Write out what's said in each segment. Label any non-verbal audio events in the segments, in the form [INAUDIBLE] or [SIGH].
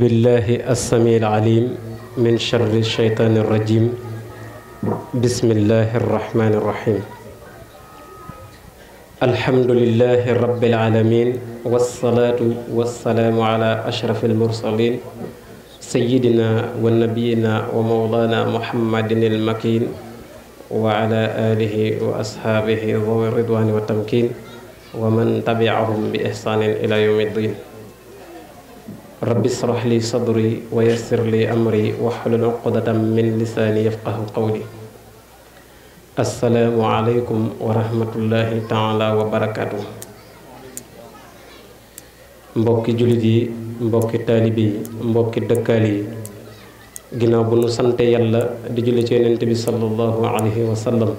بالله السميع العليم من شر الشيطان الرجيم بسم الله الرحمن الرحيم الحمد لله رب العالمين والصلاة والسلام على أشرف المرسلين سيدنا ونبينا ومولانا محمد المكين وعلى آله وأصحابه ذوي الرضوان والتمكين ومن تبعهم بإحسان إلى يوم الدين rabbi israh li sadri wa yassir li amri wahlul uqdatam min lisaani yafqahu qawli assalaamu aleykum wa rahmatullahi wa barakaatu mbokki jullit yi mbokki taalibe yi mbokki dëkkaal yi ginnaaw bu nu sante yàlla di julli ci yonent bi sallallahu alayhi wa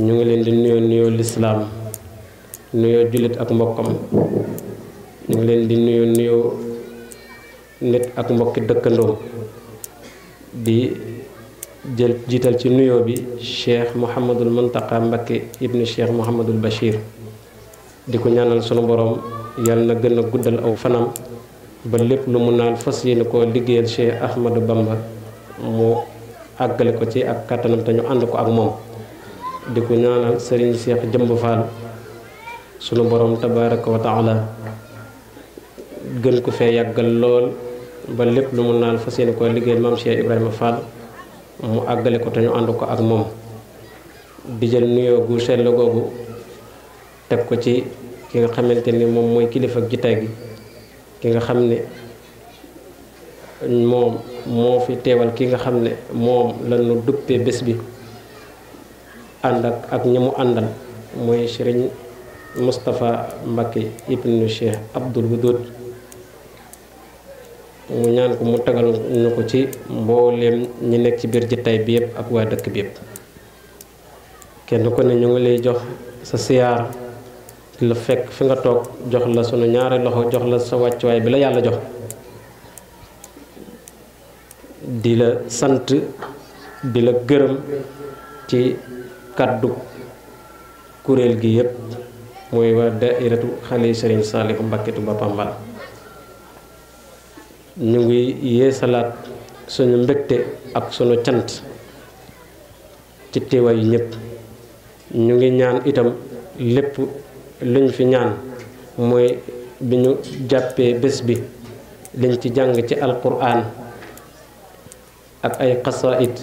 ñu ngi leen di nuyoo nuyoo lislaam nuyoo jullit ak mbokkam ñu ngi leen di nuyu nuyu nit ak mbokki dëkkandoom di jël jiital ci nuyoo bi cheikh Mouhamadul Muntaqa Mbakke ibni cheikh Mouhamadul Bachir di ko ñaanal sunu boroom yàlla na gëna a guddal aw fanam ba lépp lu mu naan fas yéene ko liggéeyal cheikh Ahmadou Bamba mu àggale ko ci ak kattanam te ñu ànd ko ak moom di ko ñaanal sëriñ cheikh Jëmb Fall sunu borom tabaraka wa taala gën ko fee yàggal lool ba lépp lu mu naan fa yéene koy liggéeyal maam Cheikh Ibrahima Fall mu àggale ko te ñu ànd ko ak moom di jël nuyoo gu sell googu teg ko ci ki nga xamante ni moom mooy kilifa ak jitaay gi ki nga xam ni moom moo fi teewal ki nga xam ne moom la ñu duppee bés bi ànd ak ak ñi mu àndal mooy sëriñ Moustapha Mbacké ibnu Cheikh Abdoul Wadoud mu ñaan ko mu tagal na ko ci mbooleem ñi nekk ci biir jataay bi yëpp ak waa dëkk bi yëpp kenn ku ne ñu ngi lay jox sa siyaar la fekk fi nga toog jox la sunu ñaari loxo jox la sa wàccuwaay bi la yàlla jox di la sant di la gërëm ci kàddu kuréel gi yëpp mooy waa dairatu xale sëriñ Serigne mbàkketu Mbacké Touba ñu ngi yeesalaat suñu mbégte ak suñu cant ci teewaayu ñëpp ñu ngi ñaan itam lépp luñ fi ñaan mooy bi ñu jàppee bés bi liñ ci jàng ci alquran ak ay xasaid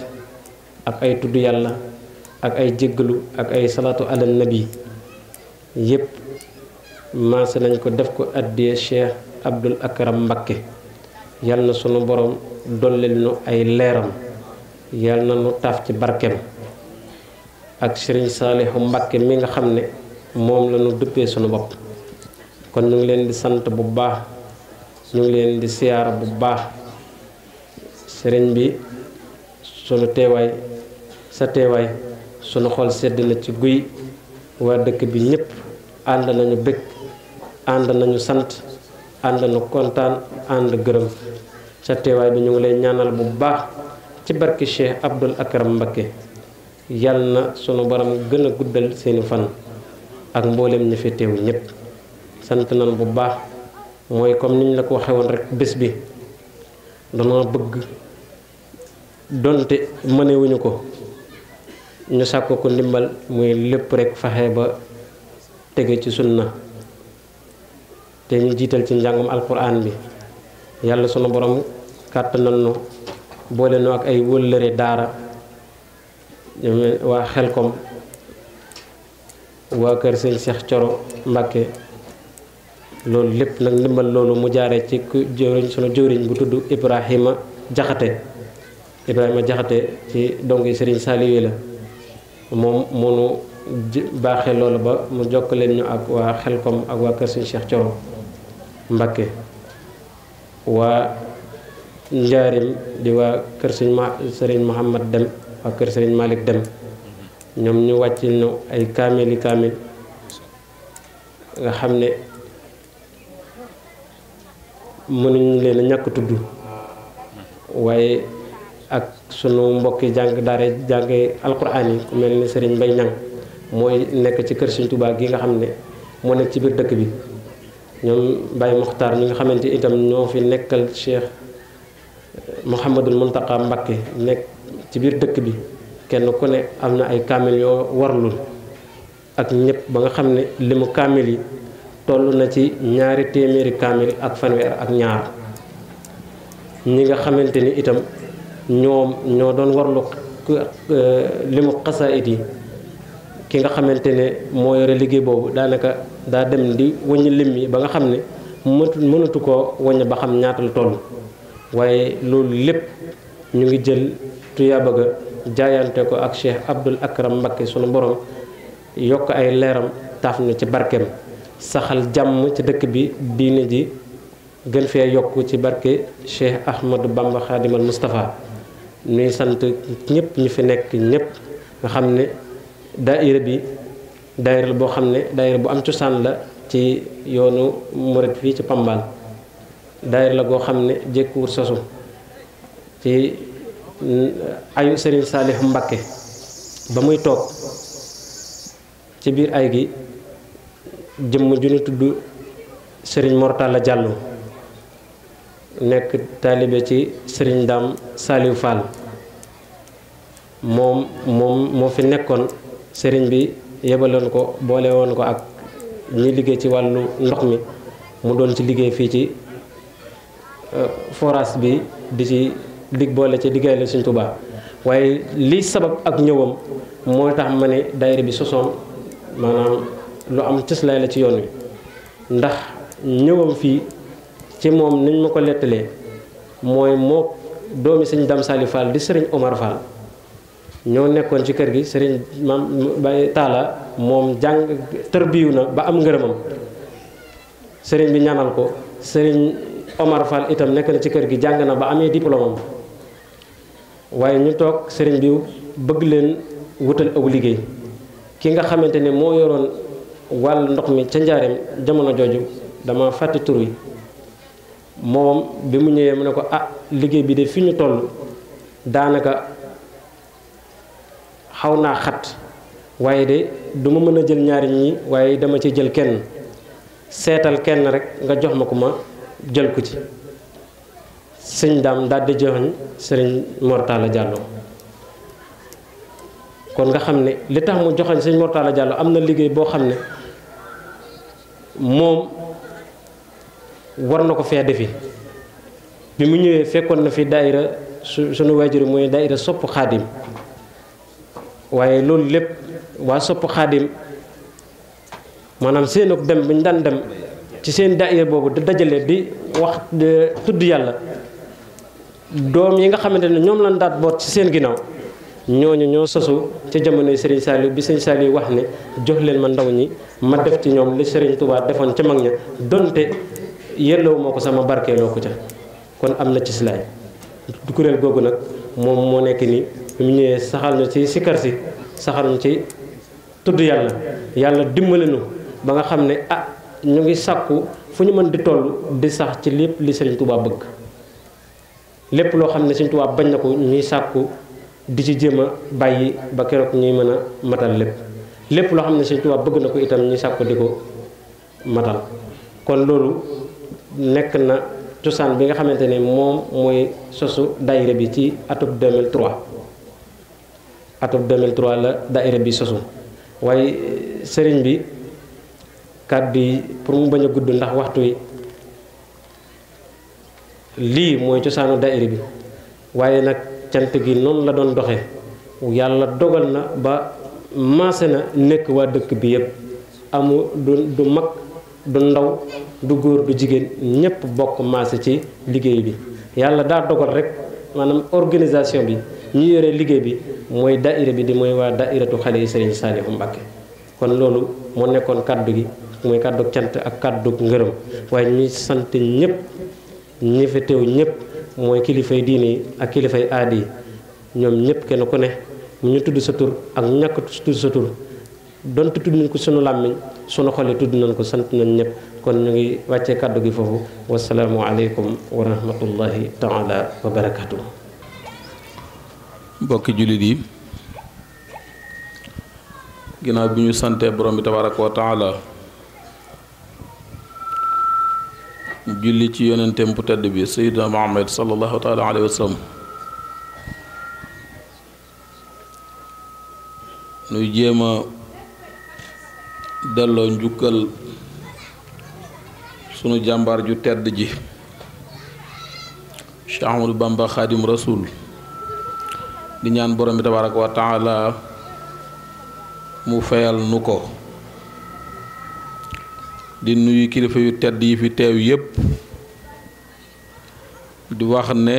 ak ay tudd yàlla ak ay jéggalu ak ay salaatu ala nabi yépp maase nañ ko def ko addiyee cheikh abdul akram mbakke yal na sunu borom dollil nu ay leeram yal na nu taaf ci barkeem ak sëriñ Saalihu Mbàkke mi nga xam ne moom lanu ñu duppee sunu bopp kon ñu ngi leen di sant bu baax ñu ngi leen di siyaara bu baax sëriñ bi sunu teewaay sa teewaay sunu xool sedd na ci guy waa dëkk bi ñépp ànd nañu bëgg ànd nañu sant ànd nu kontaan ànd gërëm ca teewaay bi ñu ngi lay ñaanal bu baax ci barki Cheikh Abdul Akram Mbakke yal na sunu borom gën a guddal seeni fan ak mboolem ñi fi teew ñëpp sant nan bu baax mooy comme niñ la ko waxee woon rek bés bi danoo bëgg donte mënewuñu ko ñu sàkk ko ndimbal muy lépp rekk faxe ba tege ci sunna te ñu jiital ci njàngum alquran bi yàlla sunu boroom kàttanal nu boole nu ak ay wëllëre daara waa xel xelkom waa kër sëñ seex Coro Mbàkke loolu lépp nag ndimbal loolu mu jaare ci ku jëwriñ sunu jëwriñ bu tudd Ibrahima Jaxate Ibrahima Jaxate ci dong yi Sëriñ Saaliyu la moom moo nu baaxee loolu ba mu jokk leen ñu ak waa xelkom ak waa kër sëñ Cheikh Coro Mbakke waa njaarim di waa kër sëñ ma sëriñ Mouhamad Dem waa kër sëriñ Malick Dem ñoom ñu wàccil ñu ay kaamili kaamil nga xam ne mënuñu leen ñàkk tudd waaye ak sunu mbokki jàng daara jànge alquraan yi ku mel ni sëriñ Mbay Ñang mooy nekk ci kër sëñ Tuubaa gi nga xam ne moo nekk ci biir dëkk bi ñoom Baye Mokhtar mi nga xamante ni itam ñoo fi nekkal Cheikh Mouhamadul Mountakha Mbacké nekk ci biir dëkk bi kenn ku ne am na ay kaamil yoo warlul ak ñépp ba nga xam ne limu kaamil yi toll na ci ñaari téeméeri kaamil ak fanweer ak ñaar ñi nga xamante ni itam ñoom ñoo doon warlu limu xasaayit yi ki nga xamante ne moo yore liggéey boobu daanaka daa dem di waññ lim ba nga xam ne mënatu koo waññ ba xam ñaata la waaye loolu lépp ñu ngi jël tuyaaba ga jaayante ko ak Cheikh Abdoul Akram Mbacké sunu borom yokk ay leeram taaf na ci barkeem saxal jàmm ci dëkk bi diine ji gën fee yokk ci barke Cheikh Ahmadou Bamba Khadimal Moustapha nuy sant ñëpp ñu fi nekk ñépp nga xam ne daayira bi daayira la boo xam ne daayira bu am cosaan la ci yoonu murit fii ci Pambal daayira la goo xam ne jékkuwut sosu ci ayu Serigne Saliou mbakke ba muy toog ci biir ay gi jëmm ju ñu tudd Serigne Mortalla Diallo nekk taalibe ci sëriñ Dame Saliou Fall moom moom moo fi nekkoon sëriñ bi yebaloon ko boole woon ko ak ñi liggéey ci wàllu ndox mi mu doon ci liggéey fii ci euh, forage bi di ci dig boole ci liggéey la Sëriñ Tuubaa waaye li sabab ak ñëwam mooy tax ma ne daayira bi sosoon maanaam lu am cëslaay la ci yoon wi ndax ñëwam fii ci moom niñ ma ko lettalee mooy moo doomi sëñ Dam Sali di sëriñ Omar Fall ñoo nekkoon ci kër gi sëriñ maam Baye Talla moom jàng tërbiyu na ba am ngërëmam sëriñ bi ñaanal ko sëriñ Omar itam nekk na ci kër gi jàng na ba amee diplôme waaye ñu toog sëriñ bi bëgg leen wutal aw liggéey ki nga xamante ne moo yoroon wàll ndox mi ca njaareem jamono jooju dama fàtte tur wi moom bi mu ñëwee mu ne ko ah liggéey bi de fi ñu toll daanaka xaw naa xat waaye de duma mën a jël ñaari ñi waaye dama ci jël kenn seetal kenn rek nga jox ma ko ma jël ko ci sëñ daam daldi di joxoñ sëriñ Mortala Diallo kon nga xam ne li tax mu joxoñ sëñ Mortala Diallo am na liggéey boo xam ne moom war na ko fee defi bi mu ñëwee fekkoon na fi daayira su suñu wajur muy daayira sopp xaadim waaye loolu lépp waa sopp xaadim maanaam seenug dem bi ñu daan dem ci seen daayira boobu di dajale bi wax tudd yàlla doom yi nga xamante ne ñoom lañ daat boot ci seen ginnaaw ñooñu ñoo sosu ca jamonoy Serigne Saliou bi Serigne Saliou wax ne jox leen ma ndaw ñi ma def ci ñoom li Serigne Touba defoon ca mag ña donte yelloo moo ko sama barkeeloo ko ca kon am na ci silaay kuréel googu nag moom moo nekk nii bi mu ñëwee saxal na ci sikkar si saxal na ci tudd yàlla yàlla dimbali nu ba nga xam ne ah ñu ngi sàkku fu mën di toll di sax ci lépp li Serigne Touba bëgg lépp loo xam ne Serigne Touba bañ na ko ñuy sàkku di ci jéem a bàyyi ba keroog ñuy mën a matal lépp lépp loo xam ne Serigne Touba bëgg na ko itam ñuy sàkku di ko matal kon loolu nekk na cosaan bi nga xamante ne moom mooy sosu daayira bi ci atub 2003 atum 2003 la daayira bi sosu waaye eh, sëriñ bi kàddu yi pour mu bañ a gudd ndax waxtu yi lii mooy cosaanu daayira bi waaye nag cant gi noonu la doon doxe yàlla dogal na ba maase na nekk waa dëkk bi yépp amu du du mag du ndaw du góor du jigéen ñépp bokk maase ci liggéey bi yàlla daa dogal rekk maanaam organisation bi ñu yore liggéey bi mooy daayira bi di mooy waa daayiratu xale yi Serigne Saliou Mbacké kon loolu moo nekkoon kàddu gi mooy kaddu cant ak kaddu ngërëm waaye ñuy sant ñëpp ñi teew ñëpp mooy kilifay diine ak kilifay aadi ñoom ñëpp kenn ku ne mu ñu tudd sa tur ak ñàkk tudd sa tur donte tudd nañ ko sunu làmmiñ sunu xole tudd nañ ko sant nañ ñëpp kon ñu ngi wàccee kaddu gi foofu wasalaamu aleykum wa rahmatullahi taala wa mbokki jullit yi ginaaw bi ñuy santee borom bi tabaraka wa taala ci yonenteem bu tedd bi sayyidina Muhammad sallallahu taala alayhi wa nuy jéem a delloo njukkal sunu jàmbaar ju tedd ji Cheikh Ahmadou Bamba Xaadim Rasul di ñaan borom bi tabaaraka wa taala mu feyal nu ko di nuyu kilifa yu tedd yi fi teew yépp di wax ne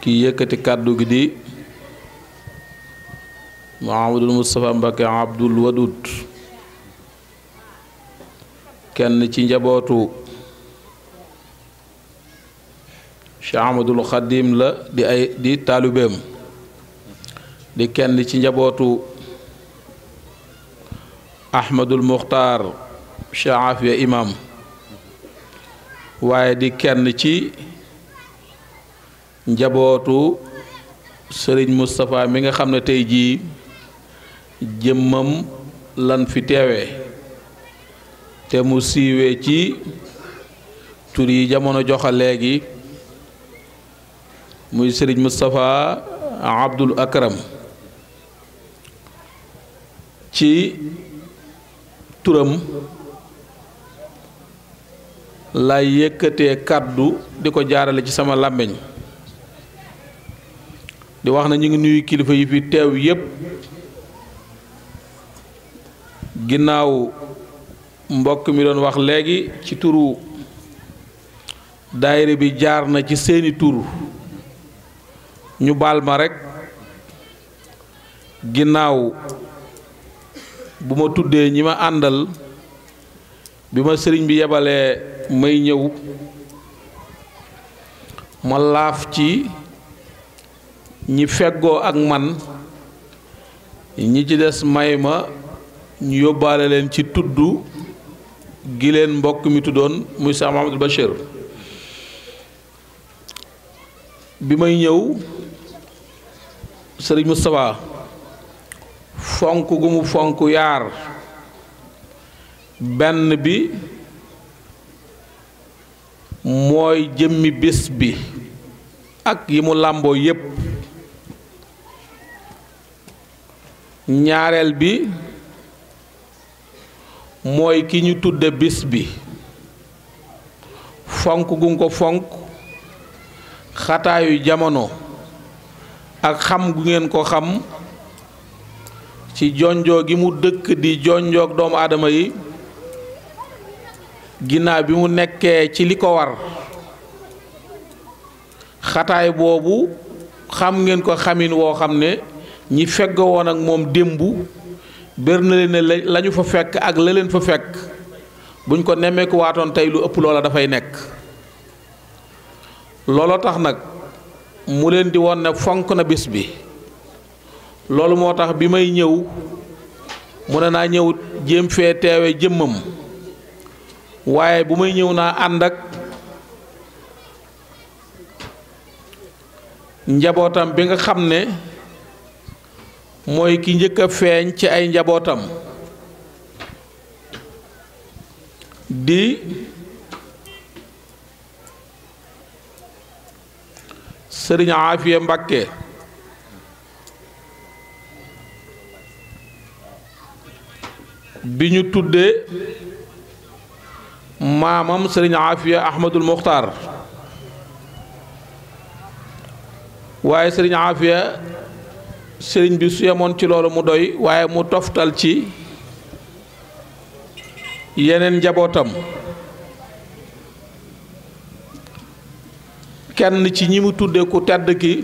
ki yëkkati kàddu gi di Muhammadul Moustapha Mbacke Abdul Wadud kenn ci njabootu Cheikh Ahmadul la di ay di taalibeem di kenn ci njabootu Ahmadul Muxtaar Cheikh Afia waaye di kenn ci njabootu Sëriñ Moustapha mi nga xam ne tey jii jëmmam lan fi teewe te mu siiwe ci tur yi jamono joxa léegi muy sëriñ Moustapha Abdul Akram ci turam lay yëkkatee kàddu di ko jaarale ci sama làmbiñ di wax na ñu ngi nuyu kilifa yi fi teew yépp ginnaaw mbokk mi doon wax léegi ci turu daayira bi jaar na ci seeni tur ñu baal ma rekk ginnaaw bu ma tuddee ñi ma àndal bi ma sëriñ bi yebalee may ñëw ma laaf ci ñi feggoo ak man ñi ci des may ma ñu yóbbaale leen ci tudd gi leen mbokk mi tuddoon muy Cheikh Mahamadul Bachir bi may ñëw sëriñ Moustapha fonk gu mu fonk yaar benn bi mooy jëmmi bis bi ak yi mu làmboo yépp ñaareel bi mooy ki ñu tudde bis bi fonk gu nga ko fonk xataayu jamono ak xam ngeen ko xam ci jonjoo gi mu dëkk di jonjook doomu aadama yi ginnaaw bi mu nekkee ci li ko war xataay boobu xam ngeen ko xamin woo xam ne ñi fegg woon ak moom démb bér na leen ne la fa fekk ak la fa fekk buñ ko nemmeeku waatoon tey lu ëpp loola dafay nekk looloo tax nag mu leen di woon ne fonk na bis bi loolu moo tax bi may ñëw mu ne naa ñëw jéem fee teewe jëmmam waaye bu may ñëw naa ànd ak njabootam bi nga xam ne mooy ki njëkk a feeñ ci ay njabootam di sëriñ Aafiya Mbàkke bi ñu tuddee maamam sëriñ Aafiya Ahmadul Muxtaar waaye sëriñ Aafiya sëriñ bi su yemoon ci loolu mu doy waaye mu toftal ci yeneen njabootam kenn ci ñi mu tudde ku tedd ki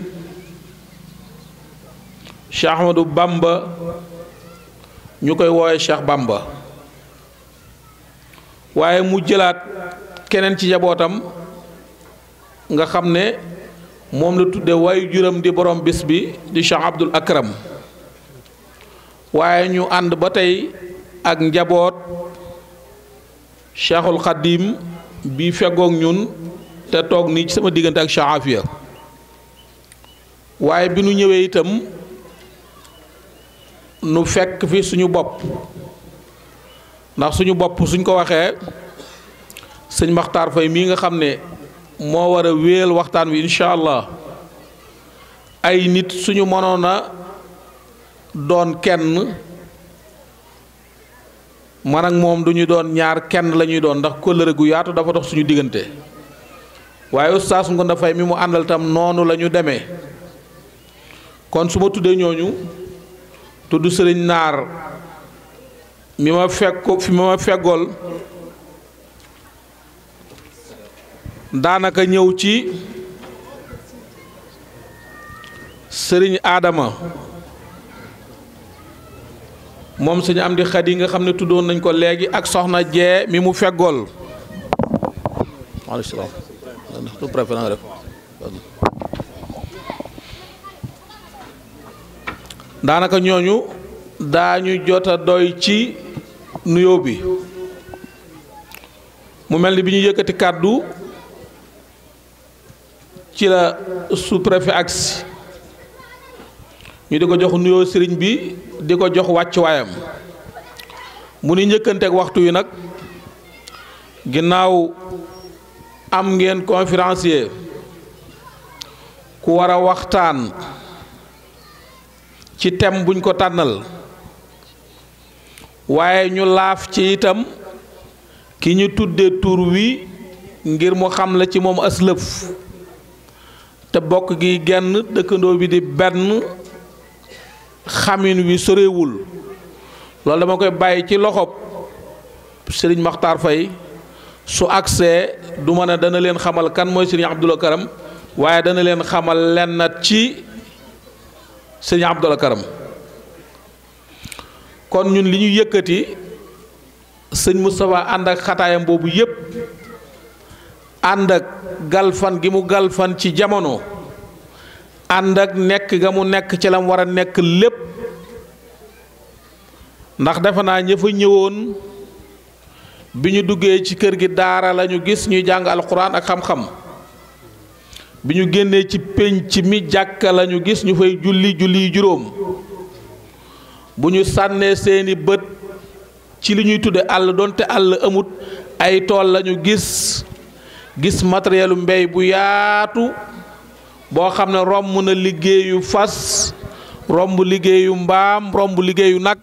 Cheikh Ahmadou Bamba ñu koy woowe Cheikh Bamba waaye mu jëlaat keneen ci njabootam nga xam ne moom la tudde waayu juram di boroom bis bi di Cheikh Abdul Akram waaye ñu ànd ba tey ak njaboot Cheikhul Xadim bi feggoog ñun te toog nii ci sama diggante ak Cheikh Afia waaye bi nu ñëwee itam nu fekk fi suñu bopp ndax suñu bopp suñ ko waxee sëñ Maxtaar Fay mii nga xam ne moo war a wéel waxtaan wi incha allah ay nit suñu mënoon a doon kenn man ak moom duñu doon ñaar kenn la ñuy doon ndax kóllëre gu yaatu dafa dox suñu diggante waaye ustaas Ngounda Faye mi mu àndal tam noonu la ñu demee kon su ma tuddee ñooñu tudd sëriñ naar mi ma fekk fi ma feggool daanaka ñëw ci sëriñ aadama moom suñu am di xat yi nga xam ne tuddoon nañ ko léegi ak soxna jee mi mu feggool maaleykum salaam daanaka ñooñu daañu jot a doy ci nuyoo bi mu mel ni bi ñuy yëkkati kàddu ci la sous-préfet agsi ñu di ko jox nuyoo sëriñ bi di ko jox wàccuwaayam mu ni njëkkanteeg waxtu wi nag ginnaaw am ngeen conférencier ku war a waxtaan ci thème buñ ko tànnal waaye ñu laaf ci itam ki ñu tuddee tur wi ngir mu xam la ci moom aslëf te bokk gi genn dëkkandoo bi di benn xamin wi sorewul loolu dama koy bàyyi ci loxob sëriñ Maxtaar Fay su agsee du ma ne dana leen xamal kan mooy sëriñ Abdou Karam waaye dana leen xamal lenn ci sëriñ Abdou Karam kon ñun li ñu yëkkati sëñ Moustapha ànd ak xataayam boobu yépp ànd ak galfan gi mu galfan ci jamono ànd ak nekk nga mu nekk ci lam war a nekk lépp ndax defe naa ña fa ñëwoon bi ñu duggee ci kër gi daara lañu gis ñuy jàng alxuraan ak xam-xam bi ñu génnee ci pénc mi jàkk lañu gis ñu fay julli julli juróom bu ñu sànnee seeni bët ci li ñuy tudde àll doonte àll amut ay tool lañu gis gis matérielu mbéy bu yaatu boo xam ne romb na liggéeyu fas romb liggéeyu mbaam romb liggéeyu nag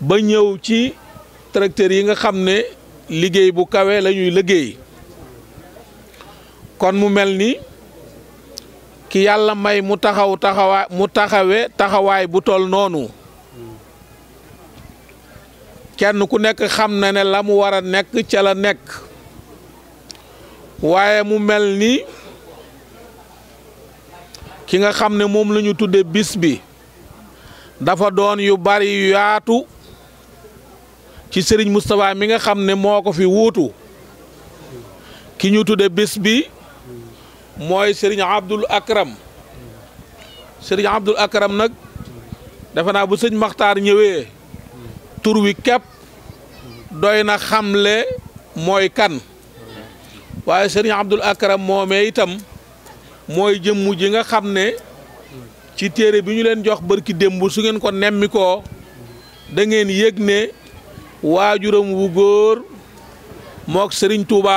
ba ñëw ci tracteurs yi nga xam ne liggéey bu kawe lañuy liggéey kon mu mel ni ki yàlla may mu taxaw taxawaay taxawe taxawaay bu tol noonu kenn ku nekk xam na ne la mu war a nekk ca la nekk waaye mu mel ni ki nga xam ne moom la ñu tudde bis bi dafa doon yu bari yaatu ci sëriñ Moustapha mi nga xam ne moo ko fi wuutu ki ñu tudde bés bi mooy sëriñ Abdul Akram sëriñ Abdul Akram nag defe naa bu sëñ Maxtaar ñëwee tur wi képp doy na xamle mooy kan waaye sëriñ Abdul Akram moomee itam mooy jëmm ji nga xam ne ci téere bi ñu leen jox bërki démb su ngeen ko nemmi koo yëg ne waajuram wu góor mook sëriñ Touba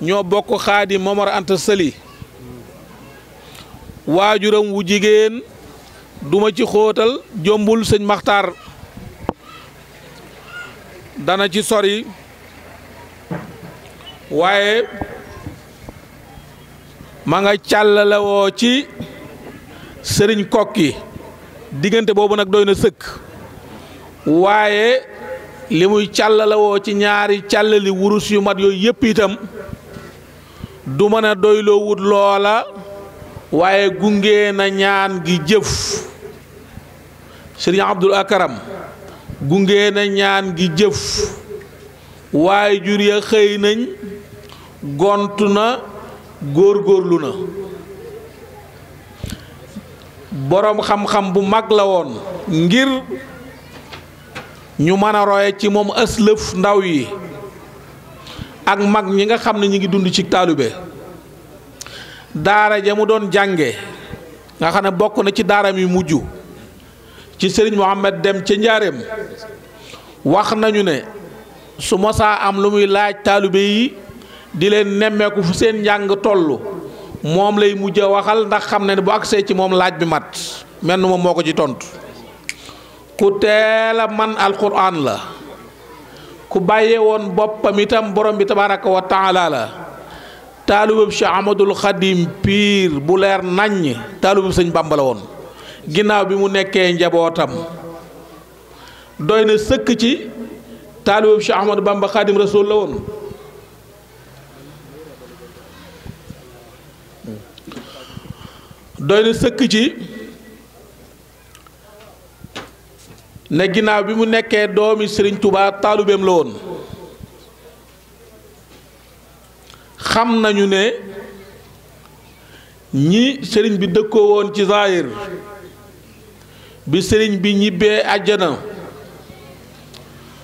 ñoo bokk xaadim Momar Anta sëli waajuram wu jigéen duma ci xóotal jombul sëñ Maxtaar dana ci sori waaye ma nga càllale woo ci sëriñ kokki diggante boobu nag doy na sëkk waaye li muy càllale woo ci ñaari càllali wurus yu mat yooyu yëpp itam du mën a doyloo wut loola waaye gunge na ñaan gi jëf sëriñ Abdul Akaram gunge na ñaan gi jëf waaye jur ya xëy nañ gontu na góorgóorlu na boroom xam-xam bu mag la woon ngir ñu mën a roye ci moom ëslëf ndaw yi ak mag ñi nga xam ne ñu ngi dund ci taalube daara ja mu doon jànge nga xam ne bokk na ci daaram yu mujj ci sëriñ Mohamed dem ca njaareem wax nañu ne su mosaa am lu muy laaj taalube yi di leen nemmeeku fu seen njàng toll moom lay mujj a waxal ndax xam ne bu agsee ci moom laaj bi mat menn moom moo ko ci tontu. ku teel a man alquran la ku bàyyee woon boppam itam borom bi tabaraka wa taala la taalibab Cheikh Ahmadul piir bu leer naññ taalibab sëñ Bàmba la woon ginnaaw bi mu nekkee njabootam doy na sëkk ci taalibab Cheikh Ahmadu Bàmba Xadim Rasul la woon doy na sëkk ci ne ginnaaw bi mu nekkee doomi sëriñ Touba taalubeem la woon xam nañu ne ñi sëriñ bi dëkkoo woon ci zaahir bi sëriñ bi ñibbee àjjana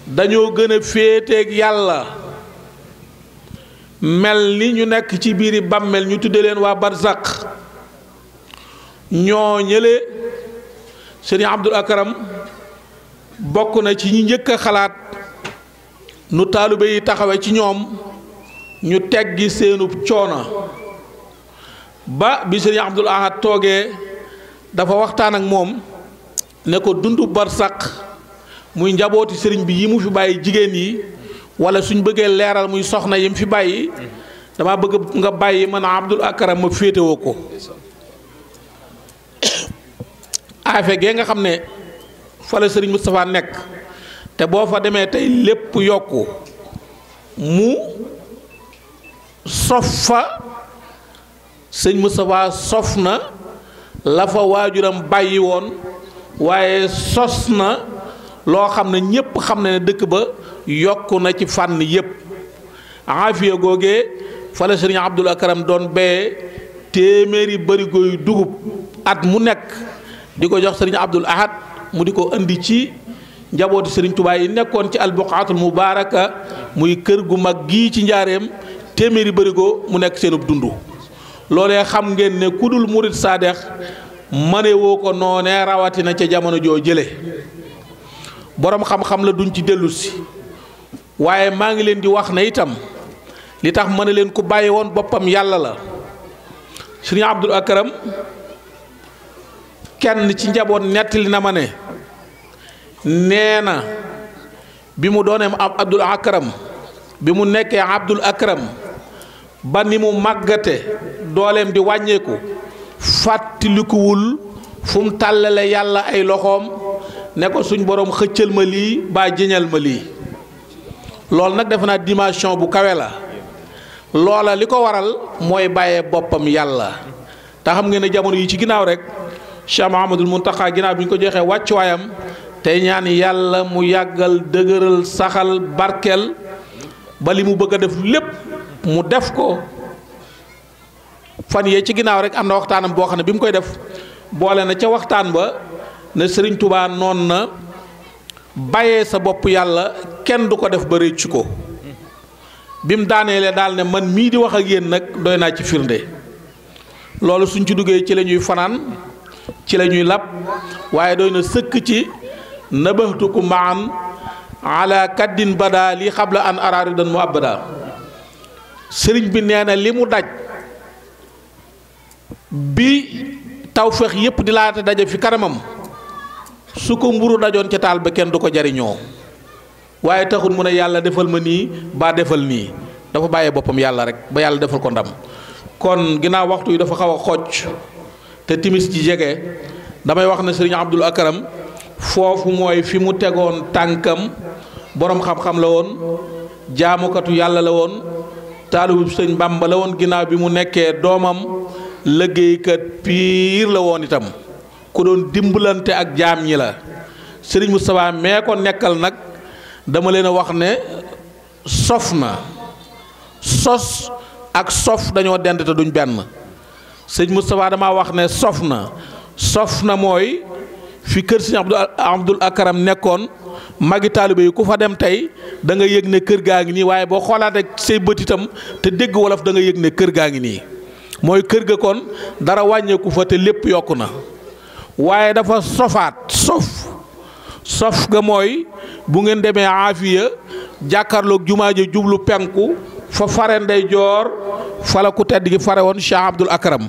dañoo gën a féeteeg yàlla mel ni ñu nekk ci biiri bàmmeel ñu tudde leen waa barzak ñoo ñële sëriñ Abdul Akaram bokk na ci ñu njëkk a xalaat nu taalibe yi taxawe ci ñoom ñu teggi seenu coono ba bi sëriñ Abdul Ahad toogee dafa waxtaan ak moom ne ko dundu barsaq muy njabooti sëriñ bi yi mu fi bàyyi jigéen yi wala suñ bëggee leeral muy soxna yi mu fi bàyyi dama bëgg nga bàyyi man Abdul Akaram ma féetewoo ko [COUGHS] aafe gee nga xam ne fa la sëriñ nekk te boo fa demee tey lépp yokku mu sof fa sëñ Moustapha sof na la fa waajuram bàyyi woon waaye sos na loo xam ne ñépp xam na ne dëkk ba yokku na ci fànn yépp aafiya googee fa la sëriñ Abdul Akaram doon beye téeméeri barigo dugub at mu nekk di ko jox sëriñ Abdul Ahad mu di ko indi ci njabootu Serigne Touba yi nekkoon ci albuqaatul mubaaraka muy kër gu mag gii ci njaareem téeméeri bërigo mu nekk seenub dund loolee xam ngeen ne ku dul murit saadex mënewoo ko noonee rawatina ca jamono joo jële boroom xam-xam la duñ ci dellusi waaye maa ngi leen di wax na itam li tax mën ne leen ku bàyyi woon boppam yàlla la Serigne Abdul Akaram kenn ci njaboot nettali na ma ne nee na bi mu dooneem abdul akram bi mu nekkee abdul akram ba ni mu màggate dooleem di wàññeeku fàttilikuwul fu mu tàllale yàlla ay loxoom ne ko suñ boroom xëccal ma lii baa jëñal ma lii loolu nag defe naa dimension bu kawe la loola li ko waral mooy bàyyee boppam yàlla te xam ngeen ne jamono yi ci ginnaaw rekk Cheikh Mahamadul Muntaxa ginnaaw bi ñu ko joxee waayam tey ñaan yàlla mu yàggal dëgëral saxal barkel ba li mu bëgg a def lépp mu def ko fan yee ci ginnaaw rek am na waxtaanam boo xam ne bi mu koy def boole na ca waxtaan ba ne Serigne Touba noon na bàyyee sa bopp yàlla kenn du ko def ba rëcc ko bi mu daaneele daal ne man mii di wax ak yéen nag doy naa ci firnde loolu suñ ci duggee ci la fanaan. ci la ñuy lab waaye doy na sëkk ci nabaxtuku maan ala kaddin bada li xabla an araari dan mu abada sëriñ bi nee na li mu daj bi tawféex yépp di laata daje fi kanamam su ko mburu dajoon ca taal ba kenn du ko jariñoo waaye taxul mu ne yàlla defal ma nii baa defal nii dafa bàyyee boppam yàlla rek ba yàlla defal ko ndam kon ginnaaw waxtu yi dafa xaw xocc te timis ci jege damay wax ne sëriñ Abdul Akaram foofu mooy fi mu tegoon tànkam boroom xam-xam la woon jaamukatu yàlla la woon taalibu sëñ Bàmba la woon ginnaaw bi mu nekkee doomam liggéeykat piir la woon itam ku doon dimbalante ak jaam yi la sëriñ Moustapha mee ko nekkal nag dama leen a wax ne sof na sos ak sof dañoo dend te duñ benn sëñ Moustapha damaa wax ne sof na sof na mooy fi kër sëñ Abdou Abdoul Akaram nekkoon magi taalibe yi ku fa dem tey danga nga ne kër gaa ngi nii waaye boo xoolaat rek say bët te dégg wolof da nga yëg ne kër gaa ngi nii mooy kër ga kon dara wàññeeku fa te lépp yokku na waaye dafa sofaat sof sof nga mooy bu ngeen demee aafiya jàkkaarloog jumaa ja jublu penku fa fare ndeyjoor fa tedd gi fare woon Cheikh Abdul Akram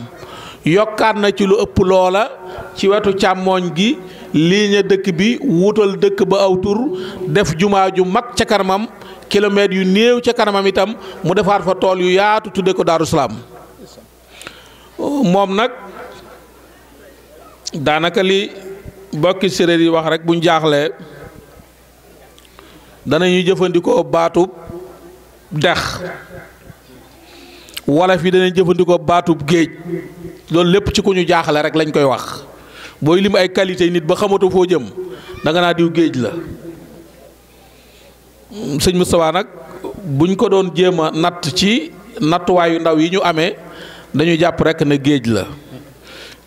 yokkaat na ci lu ëpp loola ci wetu càmmooñ gi ligne dëkk bi wuutal dëkk ba aw tur def jumaa ju mag ca kanamam kilomètres yu néew ca kanamam itam mu defaat fa tool yu yaatu tudde ko Daaru Salaam moom nag daanaka li bokki séréer yi wax rek buñ jaaxlee danañu jëfandikoo baatu dex wala yi danañ jëfandikoo baatub géej loolu lépp ci ku ñu jaaxale rek lañ koy wax booy lim ay qualité nit ba xamatu foo jëm danga naa diw géej la sëñ Moustapha nag buñ ko doon jéem a natt ci nattuwaayu ndaw yi ñu amee dañu jàpp rek ne géej la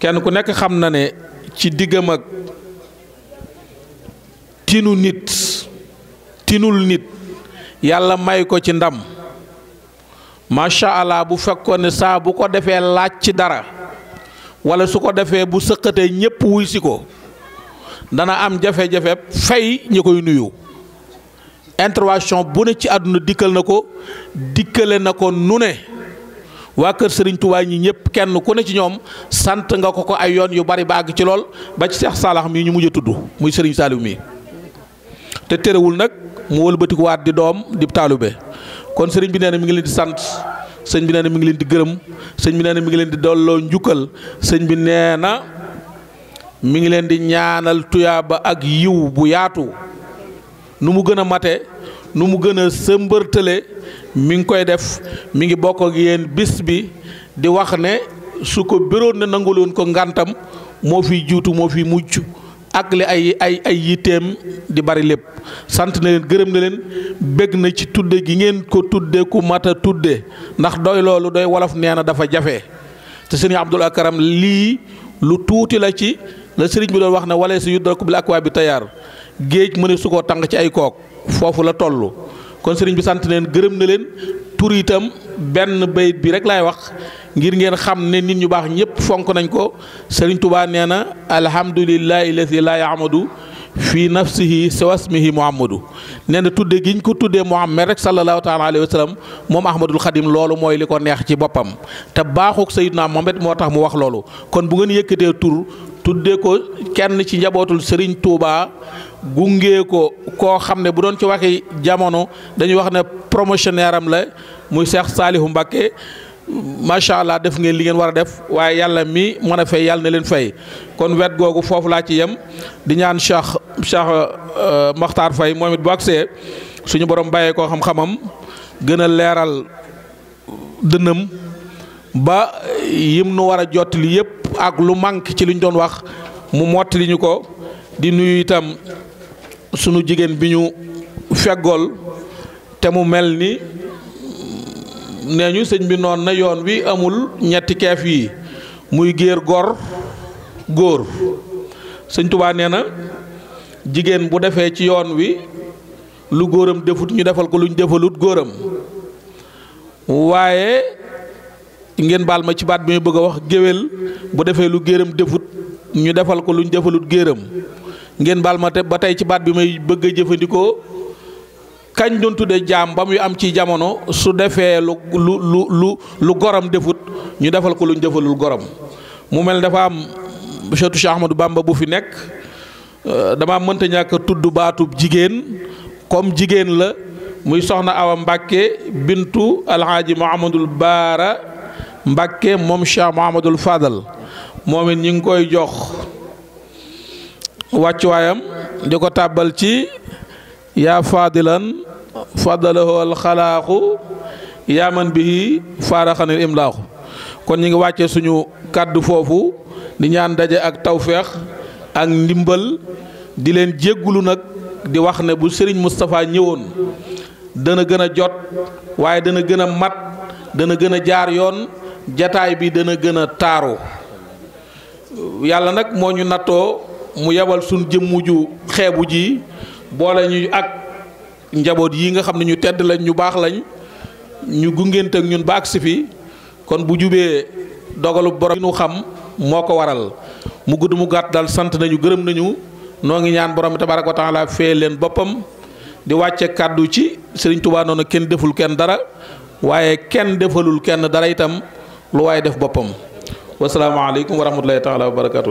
kenn ku nekk xam na ne ci diggam tinu nit tinul nit yàlla may ko ci ndam macha allah bu fekkoon ne saa bu ko defee laaj ci dara wala su ko defee bu sëqatee ñépp wuy si ko dana am jafe-jafe fay ñi koy nuyu intervention bu ne ci àdduna dikkal na ko dikkale na ko nu ne waa kër Serigne Touba ñi ñëpp kenn ku ne ci ñoom sant nga ko ko ay yoon yu bari ba àgg ci lool ba ci Seex Saalax mii ñu mujj tudd muy Serigne Saliou mii te terewul nag. mu wëlbatikuwaat di doom di taalube kon sëriñ bi nee mi ngi leen di sant sëñ bi nee mi ngi leen di gërëm sëñ bi nee mi ngi leen di dolloo njukkal sëñ bi nee na mi ngi leen di ñaanal tuyaaba ak yiw bu yaatu nu mu gën a mate nu mu gën a sëmbërtale mi ngi koy def mi ngi bokk ak yéen bis bi di wax ne su ko biroon ne nanguloon ko ngantam moo fiy juutu moo fiy mucc ak li ay ay ay yitteem di bari lépp sant na leen gërëm na leen bëgg na ci tudde gi ngeen ko tudde ku mat a tudde ndax doy loolu doy wolof nee na dafa jafe te sëriñ Abdul Akaram lii lu tuuti la ci la sëriñ bi doon wax ne wala si yudraku bil akwa bi tayaar géej mu ne su ko tàng ci ay kook foofu la toll kon sëriñ bi sant leen gërëm na leen tur itam benn bayit bi rek laay wax ngir ngeen xam ne nit ñu baax ñëpp fonk nañ ko sëriñ tubaa nee na alhamdulillahi lazi laa yaamadu fii nafsihi sawasmihi muhammadu nee na tudde gi ñu ko tuddee muhammad rek sallallahu taala alayhi wa sallam moom ahmadul xadim loolu mooy li ko neex ci boppam te baaxuk sayidna mohamed moo tax mu wax loolu kon bu ngeen yëkkatee tur tudde ko kenn ci njabootul sëriñ tuubaa gungee ko koo xam ne bu doon ci waxi jamono dañuy wax ne promotionnaire am la muy Cheikh Salihu Mbacké macha allah def ngeen li ngeen war a def waaye yàlla mi mën a yàlla na leen fay kon wet googu foofu laa ci yem di ñaan Cheikh Cheikh euh, Makhtar Faye moom it bu agsee suñu borom bàyyee koo xam-xamam gën a leeral dënnam ba yim nu war a jot li yëpp ak lu manque ci liñ doon wax mu motti li ñu ko di nuyu itam sunu jigéen bi ñu feggool te mu mel ni nee ñu sëñ bi noon na yoon wi amul ñetti keef yi muy géer gor góor sëñ Tuubaa nee na jigéen bu defee ci yoon wi lu góoram defut ñu defal ko lu ñu defalut góoram waaye ngeen baal ma ci baat bi muy bëgg a wax géwél bu defee lu géeram defut ñu defal ko lu ñu defalut géeram ngeen baal ma te ba tey ci baat bi may bëgg a jëfandikoo kañ doon tudde jaam ba muy am ci jamono su defee lu lu lu lu lu gorom defut ñu defal ko luñ defalul gorom mu mel dafa am Seex Ahmadu Bamba bu fi nekk euh, dama mënta ñàkk a tudd baatub jigéen kom jigéen la muy soxna Awa Mbàkke bintu alxaaji Muhammadul Baara mbakke moom Cheikh Muhammadul Fadal moom it ñu ngi koy jox wàccuwaayam di ko tàbbal ci yaa faadilan faddalahu alxalaaqu yaa man bihi faaraxanil imlaaxu kon ñi ngi wàcce suñu kàddu foofu di ñaan daje ak tawféex ak ndimbal di leen jéggulu nag di wax ne bu sëriñ Moustapha ñëwoon dana gën a jot waaye dana gën a mat dana gën a jaar yoon jataay bi dana gën a taaru yàlla nag moo ñu nattoo mu yebal suñ jëmmu ju xeebu ji boole ñu ak njaboot yi nga xam ne ñu tedd lañ ñu baax lañ ñu gungéent ñun baax si fi kon bu jubee dogalu borom ñu xam moo ko waral mu gudd mu gàtt daal sant nañu gërëm nañu noo ngi ñaan borom te tabaaraka wa taala fee leen boppam di wàcce kàddu ci Sëriñ Tuubaa noonu kenn deful kenn dara waaye kenn defalul kenn dara itam lu waaye def boppam wasalaamaaleykum wa rahmatulahi taala wa barakatu